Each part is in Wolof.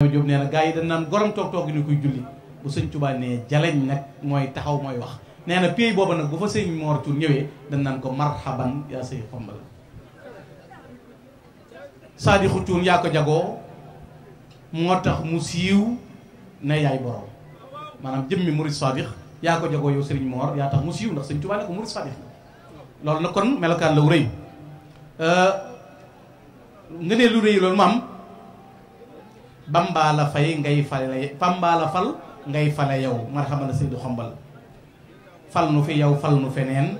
ñoo jóg nee na gars yi dañ naan gorom toog toog ni koy julli bu sëñ Tuubaa nee jaleñ nag mooy taxaw mooy wax nee na pay booba nag bu fa sëñ Mor Tour ñëwee dañ naan ko marhaban yaa say xombal Saadixu Cuun yaa ko jagoo moo tax mu siiw ne yaay borom maanaam jëmmi murid Saadix yaa ko jagoo yow sëriñ Mor yaa tax mu siiw ndax sëñ Tuubaa ne ko murid Saadix loolu nag kon melokaan la wu rëy euh, nga ne lu rëy loolu maam bambaa fay ngay fale bambaa la fal ngay fale yow marxaman seydu xombal fal nu fi yow fal nu feneen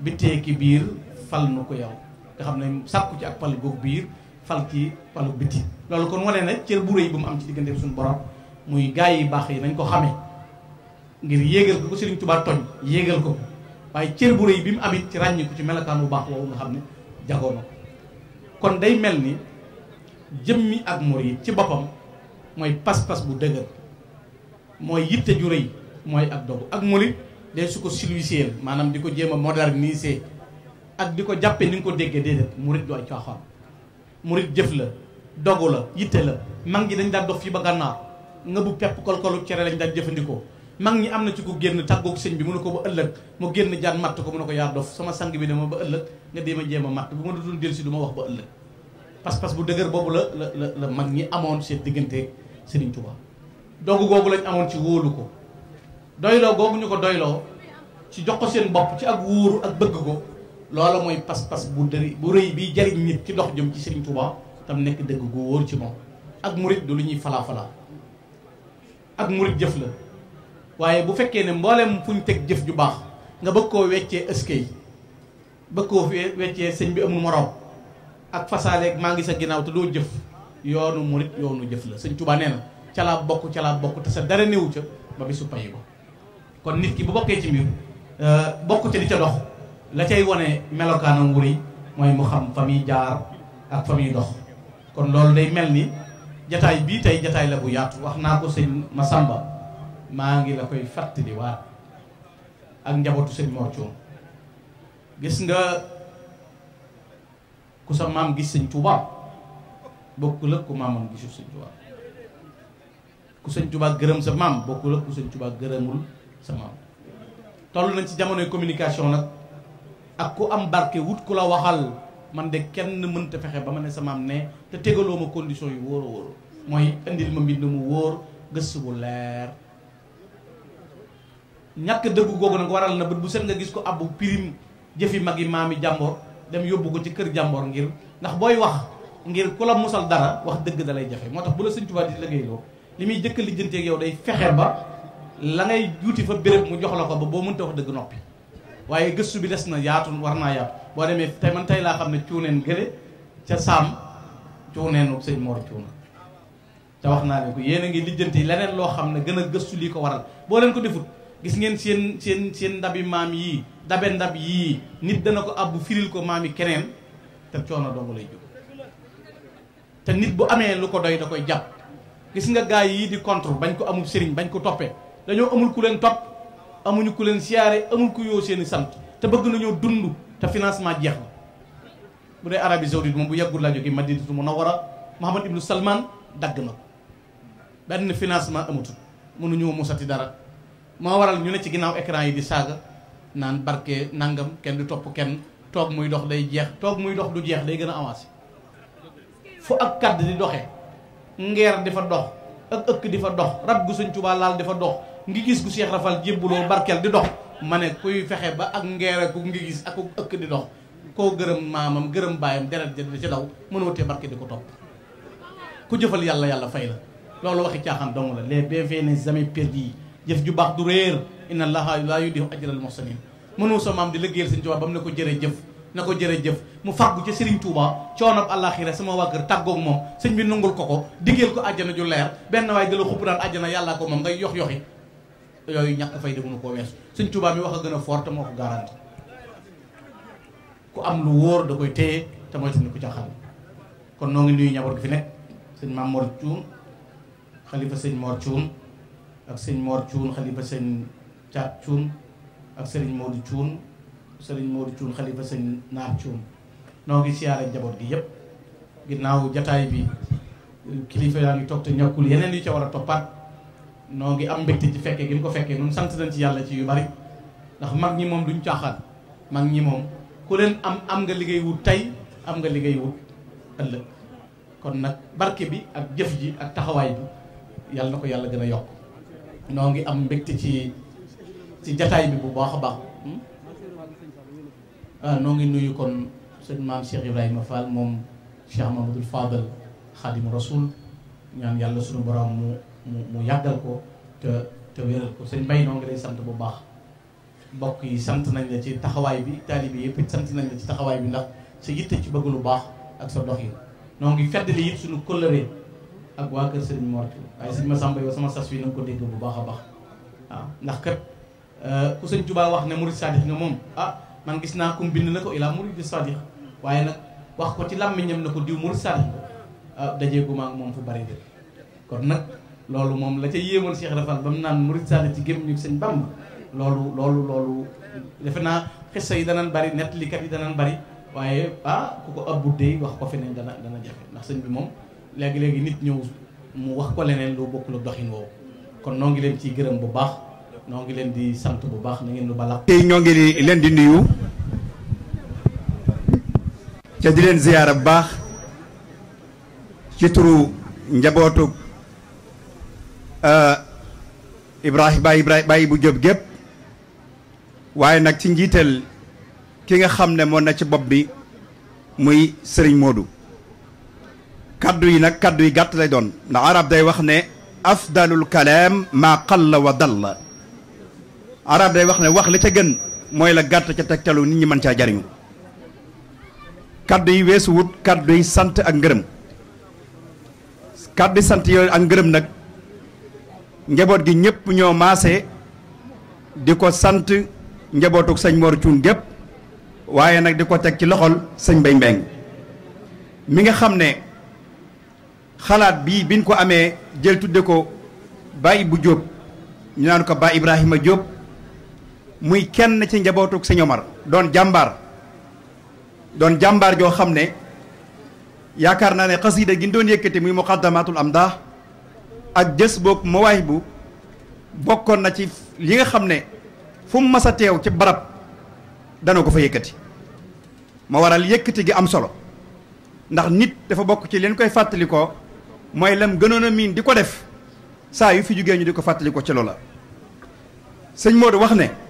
biteeki biir fal nu ko yow nga xam ne sàkku ci ak palu goog biir fal ki palu biti loolu kon wane na cër bu rëy bu mu am ci diggante suñu borom muy gaay yi baax yi nañ ko xamee ngir yéegal ko ko Sëriñ ko waaye cër bu rëy bi mu amit ci ràññi ko ci melokaan bu baax woowu nga xam ne jagoo kon day mel ni jëmmi ak murid ci boppam mooy pas-pas bu dëgër mooy yitte ju rëy mooy ak dogu ak murit de su ko silwiseel maanaam di ko jéem a moderniser ak di ko jàppe ni nga ko déggee déedéet murit du ay caaxaan murit jëf la dogu la yitte la mag ñi dañ daan dox fii ba gànnaar nga bu pepp kolkolu cere lañ daal jëfandikoo mag ñi am na ci ku génn tàggoog sëñ bi mu ne ko ba ëllëg mu génn jaan matt ko mu ne ko yaa dof sama sang bi dama ba ëllëg nga dem a jéem a matt bu ma dudul delsi du ma wax ba ëllëg pas-pas bu dëgër boobu la la la mag ñi amoon seen diggante Serigne Touba dogu googu lañ amoon ci wóolu ko doyloo googu ñu ko doyloo ci jox ko seen bopp ci ak wóoru ak bëgg ko loola mooy pas-pas bu dëri bu rëy bi jariñ nit ci dox jëm ci Serigne Touba tam nekk dëgg gu wóor ci moom ak murit du lu ñuy falaa falaa ak murit jëf la waaye bu fekkee ne mboolem fu ñu teg jëf ju baax nga bëgg koo weccee ëskay bëgg koo weccee sëñ bi amul morom ak fasaaleeg maa ngi sa ginnaaw te doo jëf yoonu murit yoonu jëf la sëñ Tuubaa nee na ca bokk ca laa bokk te sa dara néewu ca ba bisu payi ko kon nit ki bu bokkee ci mbir euh, bokk ca di ca dox la cay wone melokaanam wuri mooy mu xam fa muy jaar ak fa dox kon loolu day mel ni jataay bii tey jataay la bu yaatu wax naa ko sëñ Masamba maa ngi la koy fàttali waat ak njabootu sëñ Mor Thion gis nga ku sa maam gis sëñ Tuubaa bokkul ak ku maamam gisul sëñ Tuubaa ku sëñ Tuubaa gërëm sa maam bokkul ak ku sëñ Tuubaa gërëmul sa maam toll nañ ci jamonoy communication nag ak ku am barke wut ku la waxal man de kenn mënta fexe ba ma ne sa maam ne te tegaloo ma condition yu wóor a wóor mooy indil ma mbind mu wóor gëstu bu leer ñàkk dëggu googu nag waral na bët bu set nga gis ko abbu prime jëfi magi maami jàmboor dem yóbbu ko ci kër jàmboor ngir ndax booy wax ngir ku la musal dara wax dëgg dalay jafe moo tax bu la sëñ Tuubaa di liggéeyloo li muy jëkk lijjanteeg yow day fexe ba la ngay juuti fa béréb mu jox la ko ba boo mënta wax dëgg noppi waaye gëstu bi des na yaatu war naa yaatu boo demee tey man tey laa xam ne cuuneen gële ca saam cuuneenu sëñ Mor cuuna te wax naa leen ko yéen a ngi lijjanti leneen loo xam ne gën a gëstu lii ko waral boo leen ko defut gis ngeen seen seen seen ndabi maam yii dabe ndab yii nit dana ko abbu firil ko maam yi keneen te coono te nit bu amee lu ko doy da koy jàpp gis nga gaay yii di contre bañ ko amul sëriñ bañ ko toppee dañoo amul ku leen topp amuñu ku leen siyaare amul ku yoo seeni sant te bëgg nañoo dund te financement jeex na bu dee Arabie Saoudite moom bu yàggul laa a Madinatu Munawwara Mohammed Ibnu Salman dagg na ko benn financement amatul mënuñoo musati dara moo waral ñu ne ci ginnaaw écran yi di saaga naan barke nangam kenn du topp kenn toog muy dox day jeex toog muy dox du jeex day gën a avancé fu ak kàdd di doxe ngeer di fa dox ak ëkk di fa dox rab gu sëñ Tuubaa laal di fa dox ngi gis gu Seex Rafal jébbuloo barkeel di dox ma ne kuy fexe ba ak ngeer ku ngi gis ak ëkk di dox koo gërëm maamam gërëm baayam deret ja ci daw mënoo tee barke di ko topp ku jëfal yàlla yàlla fay la loolu waxi caaxaan dong la les bienfaits ne jamais perdus jëf ju baax du réer inna allaha la yudiu ajral muhsinin mënoo sa maam di liggéeyal sëñ Tuubaa ba mu ne ko jërëjëf na ko jëf mu fàggu ca Serigne Touba coonob àllaaxira sama waa kër tàggoog moom sëñ bi nangul ko ko diggeel ko àjjana ju leer benn waaye dala xupp naan àjjana yàllaa ko moom ngay yox yoxi yooyu ñàkk fay demunu ko weesu sëñ Touba mi wax a gën a fort te moo ko garanti ku am lu wóor da koy téye te mooy suñu ko ca xam kon noo ngi nuyu njaboot gi fi nekk sëñ Maam Mor Cuun xalifa sëñ Mor Cuun ak sëñ Mor Cuun xalifa sëñ Caat Cuun ak sëriñ Modou moo Modou Thioune xalifa sëñ Naar Thioune noo ngi siyaare njaboot gi yëpp ginnaaw jataay bi kilifa yaa ngi toog te kul yeneen yu ca war a toppaat noo ngi am mbégte ci fekkee gi mu ko fekkee ñun sant nañ ci yàlla ci yu bari ndax mag ñi moom duñ caaxaan mag ñi moom ku leen am am nga liggéey wut tey am nga liggéey wut ëllëg kon nag barke bi ak jëf ji ak taxawaay bi yàlla na ko yàlla gën a yokk noo ngi am mbégte ci ci jataay bi bu baax a Euh, noo ngi nuyu kon sëñ maam Cheikh Ibrahima Fall moom Cheikh Mamadou Fadal xaadimu rasul ñaan yàlla suñu borom mu mu mu yàggal ko te te wéral ko sëñ Mbaye noo ngi lay sant bu baax mbokk yi sant nañ la ci taxawaay bi taalibe yëpp sant nañ la ci taxawaay bi ndax sa yitte ci bëgg lu baax ak sa dox yi noo ngi feddali it suñu kóllëre ak waa kër sëriñ Mor waaye sëñ Massamba yow sama sas wi na ko dégg bu baax a baax waaw ndax kat euh, ku sëñ Tuubaa wax ne murid saadix nga moom ah, man gis naa kum bind na ko ilaa murid sadiq waaye nag wax ko ci làmmiñam na ko diw murid sadiq ah, dajeegu ma ak moom fu bari de kon nag loolu moom la ca yéemoon Cheikh Rafal ba mu naan murid sadiq ci gémmiñu seen Bamba loolu loolu loolu defe naa xissa yi danañ bari nettalikat yi danañ bari waaye ah ku ko abbu dey wax ko feneen dana dana jafe ndax sëñ bi moom léegi-léegi nit ñëw mu wax ko leneen lu bokk la doxin woowu kon noo ngi leen ciy gërëm bu baax ñoo leen di sant bu baax na ngeen nu balaax. tey ñoo ngi leen di nuyu. ca di leen ziyaara bu baax. ci turu njabootu euh, Ibrahima Baye Ibrahima bu Jóob gépp waaye nag ci njiital ki nga xam ne moo na ci bopp bi muy Serigne Modou. kaddu yi nag kàddu yi gàtt lay doon ndax arab day wax ne afdalul kalaam maa qalla wa dalla arab day wax ne wax la ca gën mooy la gàtt ca tegtalu nit ñi mën caa jariñu kàddu yi weesu wut kàddu sant ak ngërëm kàddu sant yooyu ak ngërëm nag njaboot gi ñëpp ñoo maase di ko sant njabootuk sëñ Mor Cuun gépp waaye nag di ko teg ci loxol sëñ Mbay Mbeng mi nga xam ne xalaat bii biñ ko amee jël tudde ko Baay bu Jóob ñu naan ko Baay ibraahima Jóob muy kenn ci njabootuk sëñ Omar doon jàmbaar doon jàmbaar joo xam ne yaakaar naa ne xasida gi doon yëkkati muy muqaddamatul amdah ak jës boog mawaay bu bokkoon na ci li nga xam ne fu mu a teew ci barab dana ko fa yëkkati ma waral yëkkati gi am solo ndax nit dafa bokk ci leen koy fàttalikoo mooy lam gënoon a miin di ko def saa yu fi jugee ñu di ko fàttalikoo ko ci loola sëñ Modou wax ne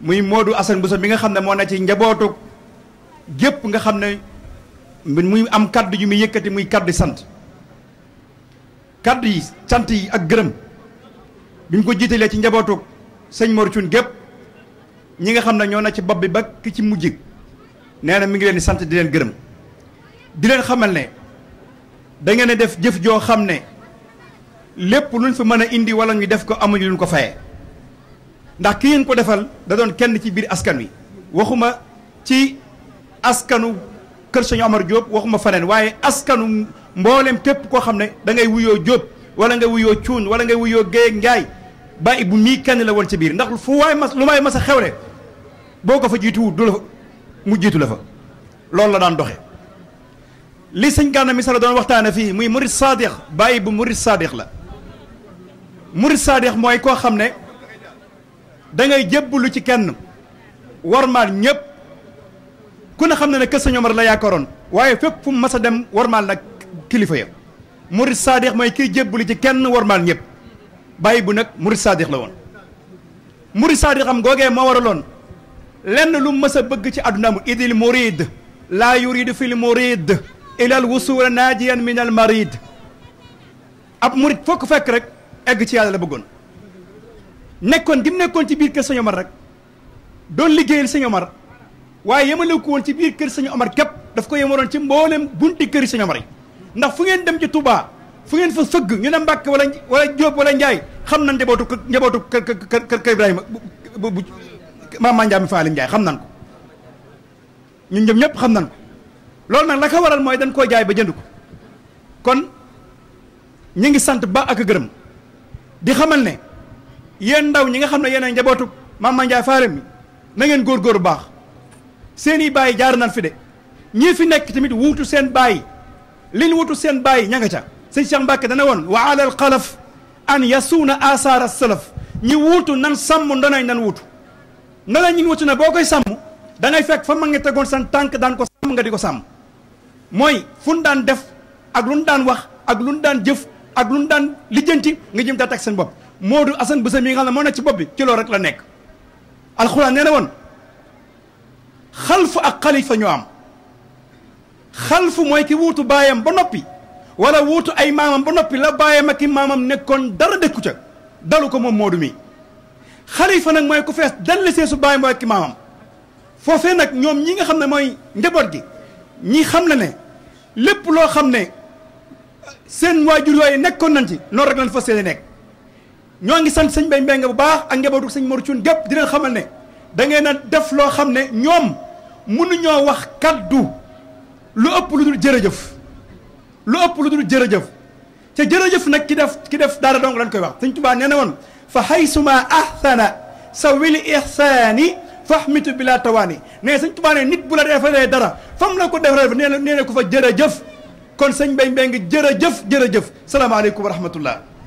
muy Modou Assane Bousso bi nga xam ne moo na ci njabootu gépp nga xam ne muy am kaddu yu muy yëkkati muy kaddu sant kaddu yi sant yi ak gërëm bi mu ko jiitalee ci njabootu sëñ Mor Thioune gépp ñi nga xam ne ñoo na ci bopp bi ba ki ci mujj nee na mi ngi leen di sant di leen gërëm di leen xamal ne da ngeen def jëf joo xam ne lépp luñ fa mën a indi wala ñu def ko amuñu luñ ko fayee. ndax ki ngeen ko defal da doon kenn ci biir askan wi waxuma ci askanu kër Sëñ Omar Diop waxuma faneen waaye askanu mboolem tépp koo xam ne dangay ngay wuyoo Diop wala nga wuyoo cuun wala ngay wuyoo Guèye Ndiaye bàyyi bu mii kenn la woon ci biir ndax fu waay mas lu waay masa xew xewle boo ko fa jiituwul du la mu jiitu la fa loolu la daan doxe li sëñ Gana Messere doon waxtaane fii muy murid saadix bàyyi bu murid saadix la murid saadix mooy koo xam ne da ngay jébbalu ci kenn warmaal ñëpp ku ne xam ne ne kër Sëñ Omar la yaakaaroon fu mu mas a dem warmaal nag kilifa ya murid saadix mooy kiy jébbalu ci kenn warmaal ñëpp bàyyi bu nag murid saadix la woon murid saadix am googee moo waraloon lenn lu mas a bëgg ci àdduna mu idil murid laa yuridu fil murid ilal wusula naajiyan min al marid ab murid fokk fekk rek egg ci yàlla la bëggoon nekkoon gi mu nekkoon ci biir kër sëñ Omar rek doon liggéeyal sëñ Omar waaye yemale ko woon ci biir kër sëñ Omar képp daf ko yemaloon ci mbooleem bunti kër sëñ Omar yi ndax fu ngeen dem ci tubaa fu ngeen fa sëgg ñu ne Mbàkke wala wala Jóob wala Njaay xam nañ njabootu kë njabootu kë kë kër Ibrahima bu bu Maama Njaay mi Faalim Njaay xam nañ ko ñun ñoom ñëpp xam nañ ko loolu nag la waral mooy dañ koo jaay ba jënd ko kon ñu ngi sant ba ak gërëm di xamal ne. yéen ndaw ñi nga xam ne yéen njabootu Mame Ndiaye Fara mi nangeen góor góor bu baax seen i baay jaar nañ fi de ñii fi nekk tamit wuutu seen baay liñ wuutu seen baay ña nga ca sëñ Cheikh Mbacke dana woon wa alal xalaf an yasuuna asaara salaf ñi wuutu nan sàmm ndonoy nan wuutu ndonoy ñi wuutu na boo koy sàmm da fekk fa ma ngi tegoon seen tànk daan ko sàmm nga di ko sàmm mooy fu daan def ak lu daan wax ak lu nu daan jëf ak lu nu daan lijjanti nga jëm daa teg seen bopp Modou Assane Bousso mi nga xam ne moo nekk ci bopp bi ci la nekk alxuraan nee na woon xalfu ak xalifa ñoo am xalfu mooy ki wuutu baayam ba noppi wala wuutu ay maamam ba noppi la baayam ak nekkoon dara dëkku ca dalu ko moom Modou mi xalifa nag mooy ku fees dalli see su baayam ak i maamam nag ñoom ñi nga xam ne mooy njaboot gi ñi xam na ne lépp loo xam ne seen waajur yooyu nekkoon nañ ci noonu rek fa seen yéene nekk ñoo ngi sant sëñ Mbaye Mbengue bu baax ak njabootu sëñ Mor Thioune gépp dina leen xamal ne dangeen ngeen a def loo xam ne ñoom mënuñoo wax kaddu lu ëpp lu dul jërëjëf lu ëpp lu dul jërëjëf te jërëjëf nag ki def ki def dara dong lañ koy wax sëñ Tuubaa nee ne woon fa haysuma ahsana sa wil ihsaani fahmitu bila tawaani ne sëñ Tuubaa ne nit bu la defaree dara fam la ko defaree nee na nee na ko fa jërëjëf kon sañ sëñ Mbaye Mbengue jërëjëf jërëjëf salaamaaleykum wa rahmatullah